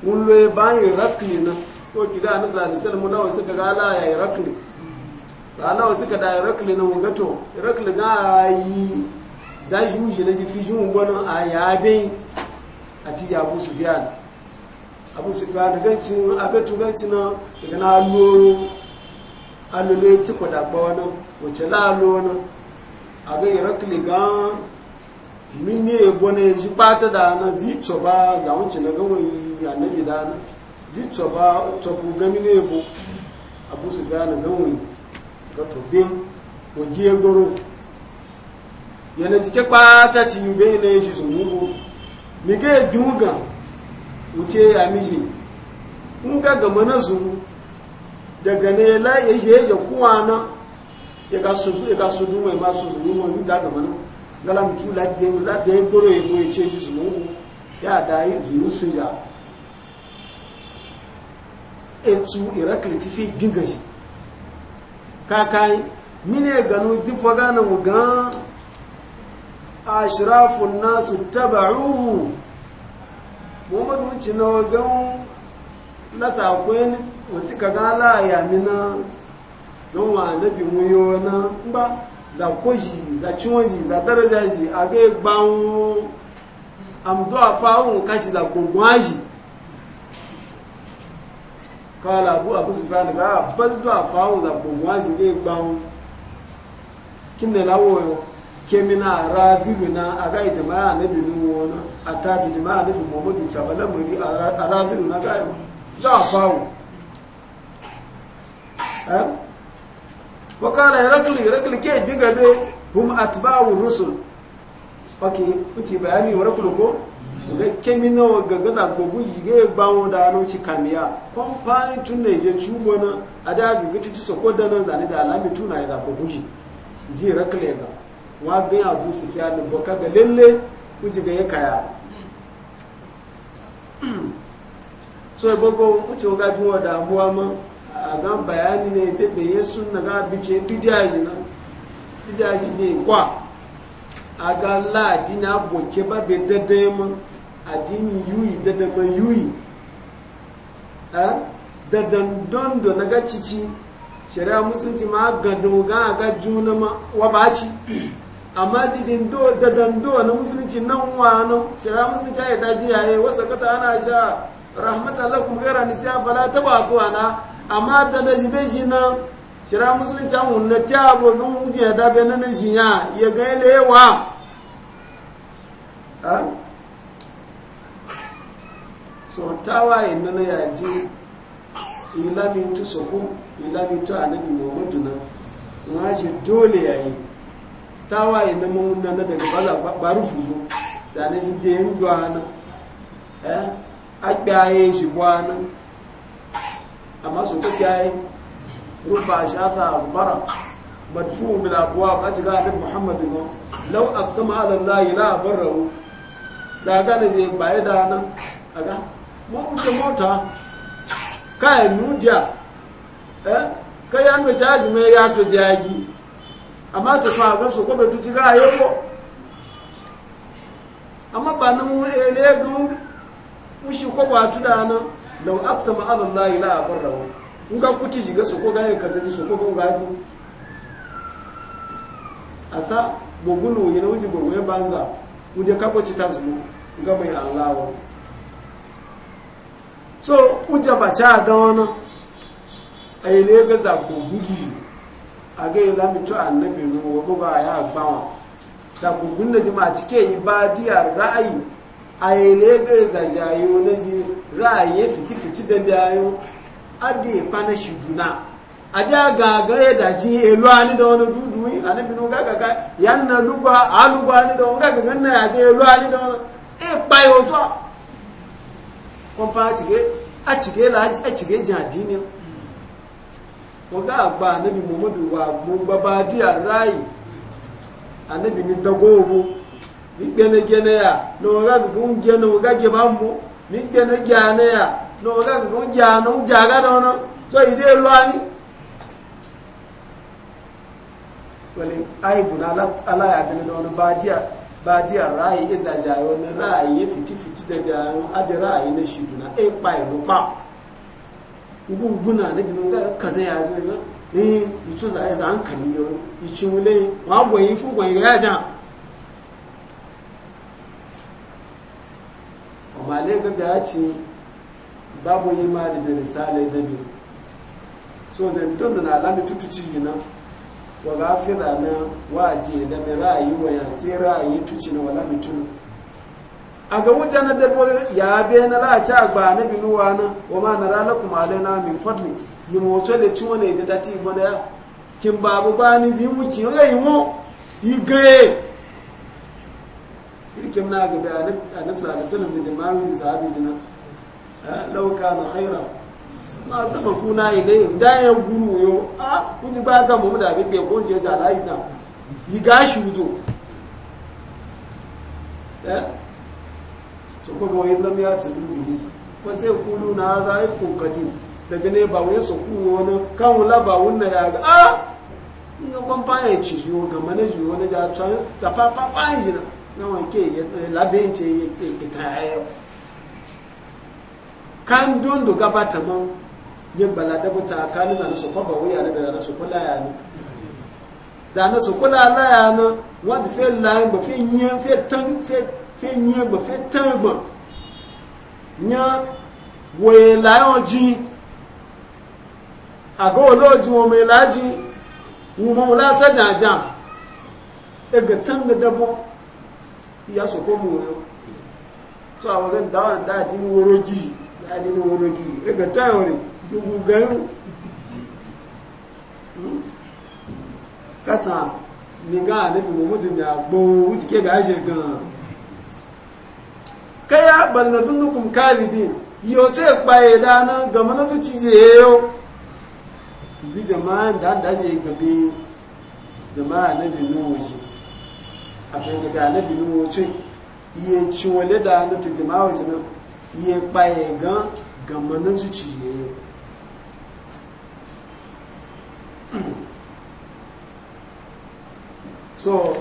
mun ba yi rakli na ko gida na zalisar mu nawa suka ga ala ya rakli to ala suka da rakli na wugato gato rakli na yi za shi wuce na jifi jin gwanin a yabe a ci abu sufiyanu abu sufiyanu ganci a ganci na daga na alo alolo ya ci kwada na wani wace la loro aga irakli gan min ne yabo ne shi ta da na zicho ba za wuce na gama ya na gida na zicho ba coku gami ne ya yabo abu su fiya na gama ga tobe ogi ya goro yana jike bata ci yube ne shi su mugu mi ga dunga wuce ya miji in ga gama na zu daga ne la ya je ya kuwa na ega suzu ega suzu mu ma suzu mu mu yuta ga mana gala mu chula de mu la de goro e mu e cheju su mu ya da yi zu su ya etu irakli ti fi gingaji kakai mine ganu bi foga na mu gan ashrafun nasu tabauhu muhammadu mun ci na gan nasa akwai wasu kaga la ya mina don wa nabi muyo na ba za koji za ciwonji za ji e a ga gbanwo amdo a fa'un kashi za gogwaji kala abu abu sufyan ga ah, bal do a fa'un za gogwaji ga e gbanwo kinda lawo kemina na a ga e jama'a nabi nuwo na a tafi jama'a nabi muhammadu chabala muri a raziluna ga ga fa'un wakala herakl herakl ke biga be hum atba'u rusul okay uci bayani herakl ga kemino ga gaza ko buji bawo da no ci kamiya kompan tun ne je chubo ada ga gitu ci soko da nan zane za lami tuna ya buji ji herakl ga wa ga abu sufyan boka ga lalle uci ga ya kaya so bogo uci ga juwa da abuwa ma a ga bayani ne bebe yin suna ga bice bidiyaji na bidiyaji je kwa a ga la adini boke ba be dade ma adini yuyi dade ma yuyi a dadan dondo na ga cici shari'a musulunci ma ga doga ga juna ma wa ba ci amma jijin do da dondo na musulunci nan wano shara musulunci ya daji yi wasa kata ana sha rahmatan lakum gaira nisiya fala tabafu ana amma da na jibe shi na shira musulunci an wunna ta abokan wujen da bai na shi ya ya ga ilewa so tawaye na na yaji ilamin tu soko ilamin tu anabi muhammadu na ma shi dole ya yi tawaye na mauna na daga baza baru fuzo da na shi da yin duwa na a ƙaye shi buwa na amma su ta yayi rufa shafa bara madfu min abwab a cikin hadin muhammadu ne lau aqsama ala allah la barrahu da ga ne je baye da nan aga mu kuke mota kai nuja eh kai an me charge me ya to jagi amma to sa ga su ko be tuji ga yego amma ba nan ele ga mu shi ko ba tu da nan law aqsama ala allahi la abarrahu nga kuti jiga soko ga ya kaza soko ga ga asa bogulu yana wuji gogo ya banza uje kabo ci tazmu nga mai allah wa so uja ba cha da wana ai ne ga za ko a ga yi lamitu annabi ruwa ba ya bawa da gugun da jima cike ibadiyar ra'ayi ayi ne ga zaja yi wani ji ra'ayi fiti-fiti da biyayu adi ipana shiduna adi aga, ya daji elu ani da wani dudu yi ani binu gagaga yanna lugba alugba ani da wani gagaga na ya je elu ani da wani ipa yi oto kwamfa a cike la a cike adị adini waga agba anabi muhammadu wa gbogbo ba di a rayi anabi ni dagogo mi gbene gene ya na waga gugun gene gebambo gbene gyane ya na waga gugun gyane ujaga da wani so ide lwani wani aibu na alaya bene da wani badiya badiya isa jaye wani ra'ayi ya fiti fiti da gayan adi ra'ayi na shidu na e pa ilu pa guguna na gina waga ya zo ne ni mutu za a yi za wa yau yi ciwule ya jan malai laifin da ya ce babu ma da misalai da biyu so da mutum da na alami tutuci gina wa gafira na waje da mai ra'ayi wa ya sai ra'ayi tuci na wala mutum a ga wuce na dabo ya be na la'aci a gba na binuwa na wa ma na rana kuma na min fadli yi mawato da ci wani da ta ti ya kin babu ba ni zimu kin rai mu yi gaye kem na ga da annabi sallallahu alaihi wasallam da jama'u sahabi jina law na haira ma kuna ile da ya guru yau a kuji ba za mu da bi ko je ja lai ta yi gashi wujo eh so ko go yin lam ya sai kulu na hadha daga ne ba wani su wani kan wula ba wunna ya ga a ina kwampa ya ci ga manajiyo wani ja ta pa jina náwọn ike lábẹ́ ìjẹ ìtàyẹ̀yọ kan dondo gabata man yin bala dabuta a kanin na su kwaba wuya na da na su kula ya ne na su kula la ya ne wanda fe layin ba fe yiyan fe tan fe fe yiyan ba fe tan ba nya woye layon ji aga oloji wo mai laji wo mo la sajaja ega tan da dabo ya so ko mu to a wajen da da din woro gi da din woro gi e ga ta wore dugu gayu kata mi ga ne bi mu du mi agbo wuti ke ga je gan kaya bal nazunnukum kalibin yo ce paye da na ga mana su cije yo di jama'a da da je gabe jama'a ne bi a to yi ga na bilu wacin iya ci wale da na tuji ma wa na. iya kpaye gan gama na zuci ne yau so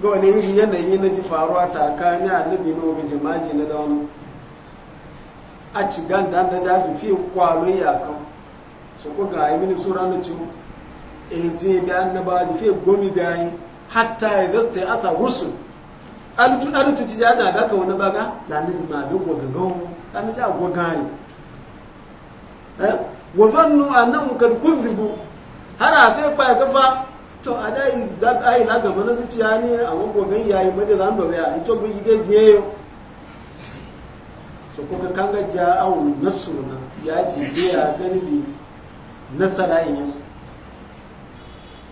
ga wani yi yanayi na ji faruwa tsakanin annabi na obi jimaji na da wani a ci ganda na jaji fi kwalo yakan so ko ga yi mini sura na ciwo eji eh, bi annabaji fi gomi yi. hatta ya ya asa rusul alutu ci jada ga ka wani baga zane zima bi gwagagon zane ja gwagari eh, wa zannu annahum kad kuzibu har a fe kwa ga fa to a dai za ka yi na gaba na zuciya ne a gwagwagon yayi made zan dobe a ito bi gige je so ko ka kanga ja awu nasruna ya ji ya gani bi nasara yin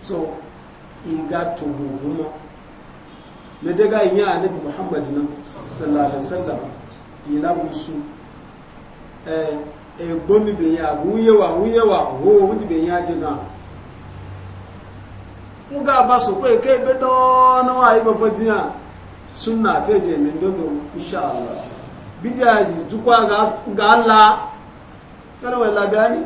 so iga tuguguma na daga yi a nabi muhammad nan sallallahu alaihi wasallam ila busu eh e gomi be ya wuyewa wuyewa ho wuti be ya jiga uga baso ko ke be do na wa ibo fodiya sunna feje min dogo insha Allah bidaji tukwa ga ga Allah kana wala gani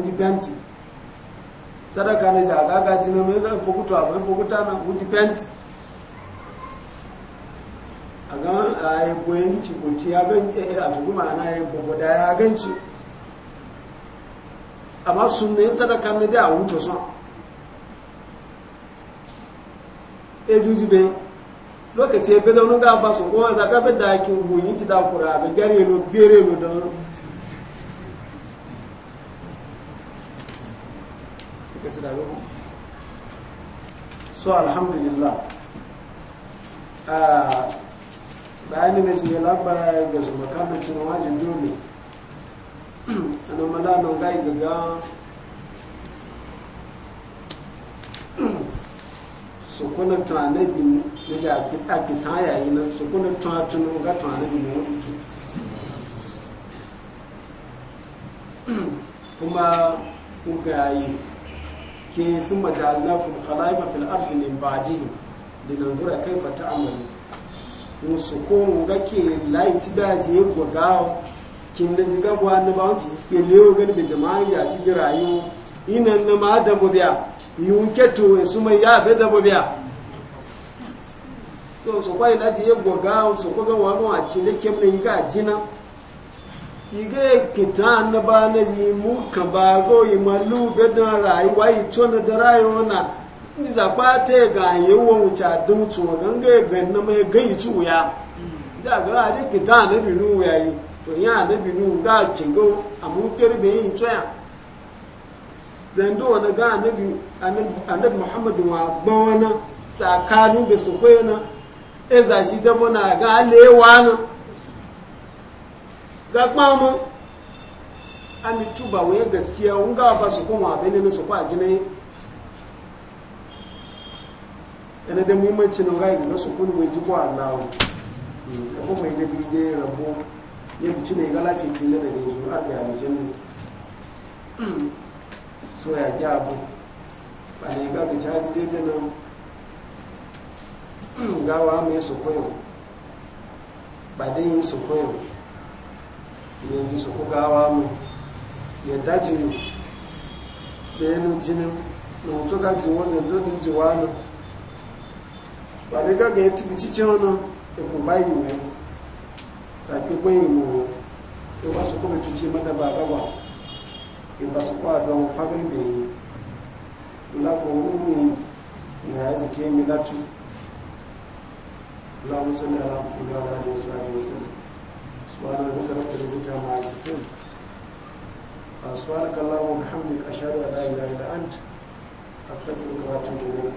uji penti sadaka ne za gaga jina me za fukuta ba fukuta na uji penti aga ai boyen ci goti ya gan na ya boboda ya gan ci amma sunne sadaka na da wuce so e juji be lokaci ebe da wani ga ba su kuma da ka bada kin goyi ci da kura ga gare no bere lo don su so alhamdulillah ah, bayani na shi labba ga zumaka da cin wajin dole ana nan da ya yayi nan kuma yi ke sun majalina kun khala'ifa fil ardi nan zura kai fata ta'malu musu ko mu ga ke layi ci da je ko ga kin da ziga gwa na ba wanci ke lewo gani da jama'a ya ci jirayu inan na ma da wuke to ya su mai ya bai da bobiya so so kwai da je ko ga su ko ga wa mu a ci da kem yi ga jina iga kita annaba na yi mu ka bago yi malu bedon rayuwa yi tona da rayuwa na ni zakwa ta ga yi wa wuce don tuwa ganga ya ganna mai ganyi ci wuya da ga adi kita bi nu wuya yi to yi bi nu ga kingo a mu kirbe yi tsoya zando na ga na annabi muhammad wa gbawana tsakanin da su kwena ezashi dabo na ga alewa na ga kpamu ami tuba gaskiya wun ga ba su kuma abin ne su kwa yana da na na su mai jiko allahu da biyu ya rabu ya ne daga yanzu har da so ya ki abu ba ne ga ga caji daidai nan gawa mai su ba dai yin su yanzu su ku gawa mu yadda jiri ɗayanu jinin na mutu ka ji wanzu yanzu da ba ne gaga ya tibi cice wani ikun bayi mu ta ke bayi mu ya ba su kuma cice mata ba gaba ya ba su kwa don fagar da yi na ya zike milatu Allah musulmi ala kudu ala da wasu ayyusan wani hukar da ta zika ma a sufin a suwa da kallon muhammadin ashari an da'ayi a stafin kawatin